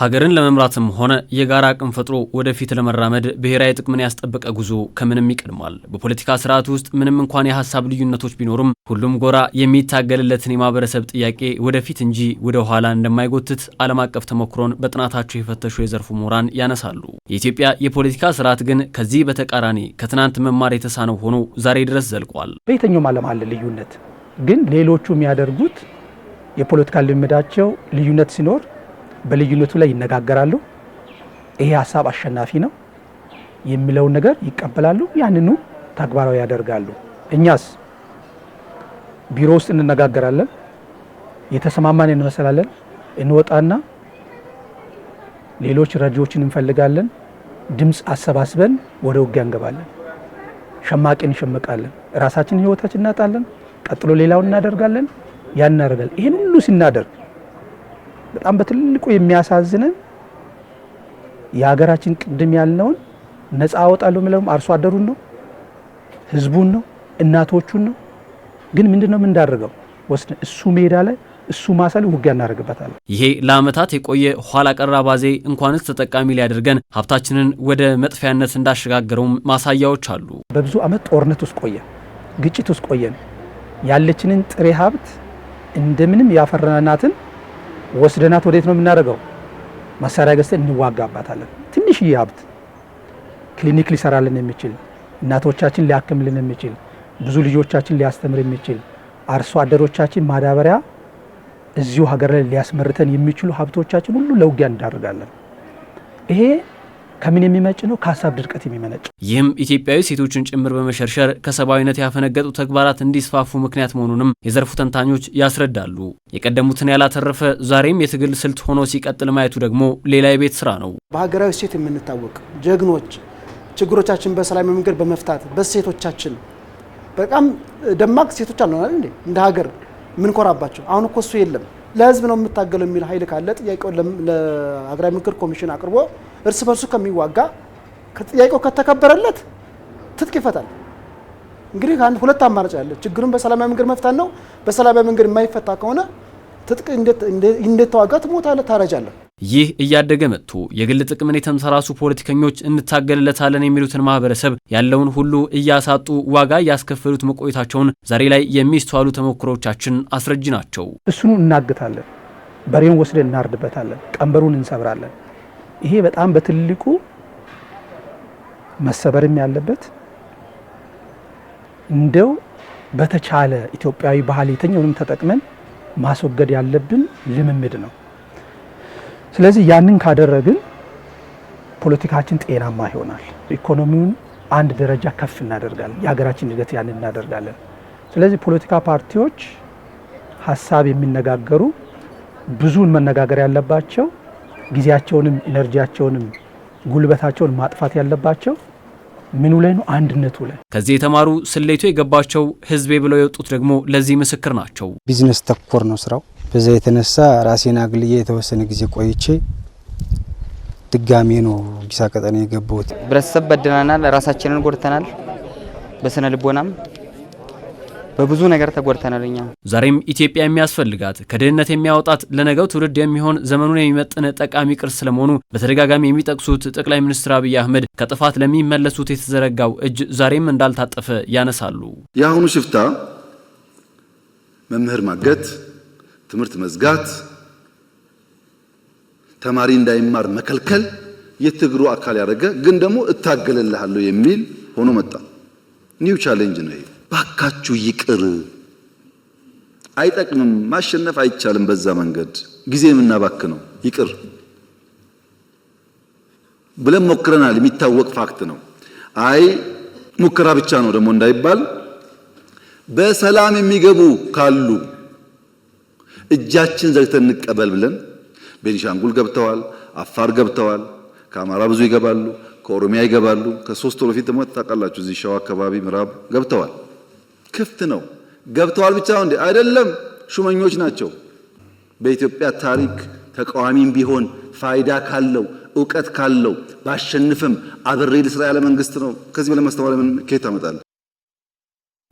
ሀገርን ለመምራትም ሆነ የጋራ አቅም ፈጥሮ ወደፊት ለመራመድ ብሔራዊ ጥቅምን ያስጠበቀ ጉዞ ከምንም ይቀድማል። በፖለቲካ ስርዓት ውስጥ ምንም እንኳን የሀሳብ ልዩነቶች ቢኖሩም ሁሉም ጎራ የሚታገልለትን የማህበረሰብ ጥያቄ ወደፊት እንጂ ወደ ኋላ እንደማይጎትት ዓለም አቀፍ ተሞክሮን በጥናታቸው የፈተሹ የዘርፉ ምሁራን ያነሳሉ። የኢትዮጵያ የፖለቲካ ስርዓት ግን ከዚህ በተቃራኒ ከትናንት መማር የተሳነው ሆኖ ዛሬ ድረስ ዘልቋል። በየትኛውም ዓለም አለ ልዩነት፣ ግን ሌሎቹ የሚያደርጉት የፖለቲካ ልምዳቸው ልዩነት ሲኖር በልዩነቱ ላይ ይነጋገራሉ። ይሄ ሀሳብ አሸናፊ ነው የሚለውን ነገር ይቀበላሉ፣ ያንኑ ተግባራዊ ያደርጋሉ። እኛስ ቢሮ ውስጥ እንነጋገራለን፣ የተሰማማን እንመስላለን፣ እንወጣና ሌሎች ረጂዎችን እንፈልጋለን፣ ድምፅ አሰባስበን ወደ ውጊያ እንገባለን፣ ሸማቂ እንሸምቃለን፣ ራሳችን ህይወታችን እናጣለን፣ ቀጥሎ ሌላውን እናደርጋለን፣ ያን እናደርጋለን። ይህን ሁሉ ስናደርግ በጣም በትልቁ የሚያሳዝነን የሀገራችን ቅድም ያልነውን ነፃ አወጣለሁ ምለውም አርሶ አደሩን ነው፣ ህዝቡን ነው፣ እናቶቹን ነው። ግን ምንድን ነው የምንዳርገው? ወስደ እሱ ሜዳ ላይ እሱ ማሰል ውጊያ እናደርግበታለን። ይሄ ለአመታት የቆየ ኋላ ቀር አባዜ እንኳንስ ተጠቃሚ ሊያደርገን ሀብታችንን ወደ መጥፊያነት እንዳሸጋገረውም ማሳያዎች አሉ። በብዙ ዓመት ጦርነት ውስጥ ቆየን፣ ግጭት ውስጥ ቆየን። ያለችንን ጥሬ ሀብት እንደምንም ያፈረናትን። ወስደናት ወዴት ነው የምናደርገው? መሳሪያ ገዝተን እንዋጋባታለን። ትንሽዬ ሀብት ክሊኒክ ሊሰራልን የሚችል እናቶቻችን ሊያክምልን የሚችል ብዙ ልጆቻችን ሊያስተምር የሚችል አርሶ አደሮቻችን ማዳበሪያ እዚሁ ሀገር ላይ ሊያስመርተን የሚችሉ ሀብቶቻችን ሁሉ ለውጊያ እንዳደርጋለን። ይሄ ከምን የሚመጭ ነው? ከሀሳብ ድርቀት የሚመነጭ ይህም ኢትዮጵያዊ ሴቶችን ጭምር በመሸርሸር ከሰብአዊነት ያፈነገጡ ተግባራት እንዲስፋፉ ምክንያት መሆኑንም የዘርፉ ተንታኞች ያስረዳሉ። የቀደሙትን ያላተረፈ ዛሬም የትግል ስልት ሆኖ ሲቀጥል ማየቱ ደግሞ ሌላ የቤት ስራ ነው። በሀገራዊ ሴት የምንታወቅ ጀግኖች ችግሮቻችን በሰላማዊ መንገድ በመፍታት በሴቶቻችን በጣም ደማቅ ሴቶች አልሆናል እንዴ? እንደ ሀገር የምንኮራባቸው አሁን እኮ እሱ የለም። ለህዝብ ነው የምታገለው የሚል ኃይል ካለ ጥያቄውን ለሀገራዊ ምክር ኮሚሽን አቅርቦ እርስ በርሱ ከሚዋጋ ከጥያቄው ከተከበረለት ትጥቅ ይፈታል። እንግዲህ አንድ ሁለት አማራጭ አለ። ችግሩን በሰላማዊ መንገድ መፍታት ነው። በሰላማዊ መንገድ የማይፈታ ከሆነ ትጥቅ እንደተዋጋ ተዋጋ? ትሞታለህ፣ ታረጃለህ። ይህ እያደገ መጥቶ የግል ጥቅምን የተንሰራሱ ፖለቲከኞች እንታገልለታለን የሚሉትን ማህበረሰብ ያለውን ሁሉ እያሳጡ ዋጋ እያስከፈሉት መቆየታቸውን ዛሬ ላይ የሚስተዋሉ ተሞክሮቻችን አስረጅ ናቸው። እሱኑ እናግታለን፣ በሬውን ወስደን እናርድበታለን፣ ቀንበሩን እንሰብራለን። ይሄ በጣም በትልቁ መሰበርም ያለበት እንደው በተቻለ ኢትዮጵያዊ ባህል የተኛውንም ተጠቅመን ማስወገድ ያለብን ልምምድ ነው። ስለዚህ ያንን ካደረግን ፖለቲካችን ጤናማ ይሆናል። ኢኮኖሚውን አንድ ደረጃ ከፍ እናደርጋለን። የሀገራችን እድገት ያንን እናደርጋለን። ስለዚህ ፖለቲካ ፓርቲዎች ሀሳብ የሚነጋገሩ ብዙውን መነጋገር ያለባቸው ጊዜያቸውንም ኢነርጂያቸውንም ጉልበታቸውን ማጥፋት ያለባቸው ምኑ ላይ ነው? አንድነቱ ላይ። ከዚህ የተማሩ ስሌቱ የገባቸው ህዝቤ ብለው የወጡት ደግሞ ለዚህ ምስክር ናቸው። ቢዝነስ ተኮር ነው ስራው። በዛ የተነሳ ራሴን አግልዬ የተወሰነ ጊዜ ቆይቼ ድጋሜ ነው ጊሳ ቀጠና የገባሁት። ህብረተሰብ በድናናል፣ ራሳችንን ጎድተናል፣ በስነ ልቦናም በብዙ ነገር ተጎድተናል። እኛ ዛሬም ኢትዮጵያ የሚያስፈልጋት ከድህነት የሚያወጣት ለነገው ትውልድ የሚሆን ዘመኑን የሚመጥን ጠቃሚ ቅርስ ስለመሆኑ በተደጋጋሚ የሚጠቅሱት ጠቅላይ ሚኒስትር አብይ አህመድ ከጥፋት ለሚመለሱት የተዘረጋው እጅ ዛሬም እንዳልታጠፈ ያነሳሉ። የአሁኑ ሽፍታ መምህር ማገት፣ ትምህርት መዝጋት፣ ተማሪ እንዳይማር መከልከል የትግሩ አካል ያደረገ ግን ደግሞ እታገልልሃለሁ የሚል ሆኖ መጣ። ኒው ቻሌንጅ ነው ይሄ። ባካችሁ ይቅር። አይጠቅምም። ማሸነፍ አይቻልም። በዛ መንገድ ጊዜ የምናባክ ነው። ይቅር ብለን ሞክረናል። የሚታወቅ ፋክት ነው። አይ ሙከራ ብቻ ነው ደግሞ እንዳይባል በሰላም የሚገቡ ካሉ እጃችን ዘግተን እንቀበል ብለን ቤኒሻንጉል ገብተዋል፣ አፋር ገብተዋል፣ ከአማራ ብዙ ይገባሉ፣ ከኦሮሚያ ይገባሉ። ከሶስት ወር በፊት ደግሞ ታውቃላችሁ እዚህ ሸዋ አካባቢ ምዕራብ ገብተዋል። ክፍት ነው። ገብተዋል ብቻ ነው እንዴ? አይደለም፣ ሹመኞች ናቸው። በኢትዮጵያ ታሪክ ተቃዋሚም ቢሆን ፋይዳ ካለው እውቀት ካለው ባሸንፍም አብሬ ልስራ ያለ መንግስት ነው። ከዚህ በላይ ምን ከየት ታመጣለህ?